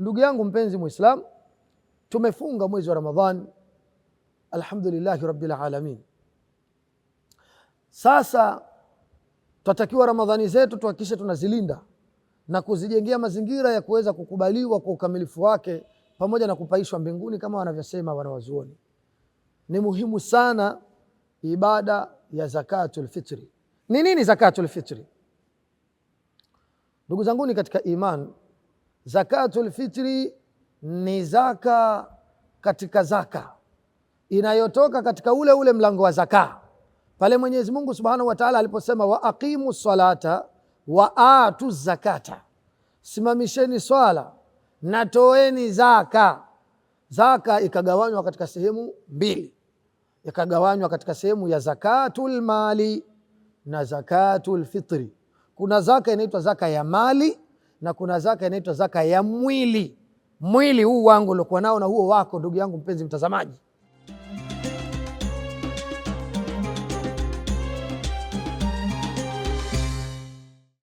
Ndugu yangu mpenzi Muislam, tumefunga mwezi wa Ramadhani, alhamdulillahi rabbil alamin. Sasa twatakiwa Ramadhani zetu tuhakikishe tunazilinda na kuzijengea mazingira ya kuweza kukubaliwa kwa ukamilifu wake pamoja na kupaishwa mbinguni kama wanavyosema wanawazuoni. Ni muhimu sana ibada ya zakatul fitri. Ni nini zakatul fitri? Ndugu zanguni katika iman Zakatul fitri ni zaka katika zaka inayotoka katika ule ule mlango wa zaka, pale Mwenyezi Mungu Subhanahu wa Ta'ala aliposema wa aqimu salata wa atu zakata, simamisheni swala na toeni zaka. Zaka ikagawanywa katika sehemu mbili, ikagawanywa katika sehemu ya zakatul mali na zakatul fitri. Kuna zaka inaitwa zaka ya mali na kuna zaka inaitwa zaka ya mwili, mwili huu wangu uliokuwa nao na huo wako, ndugu yangu mpenzi mtazamaji.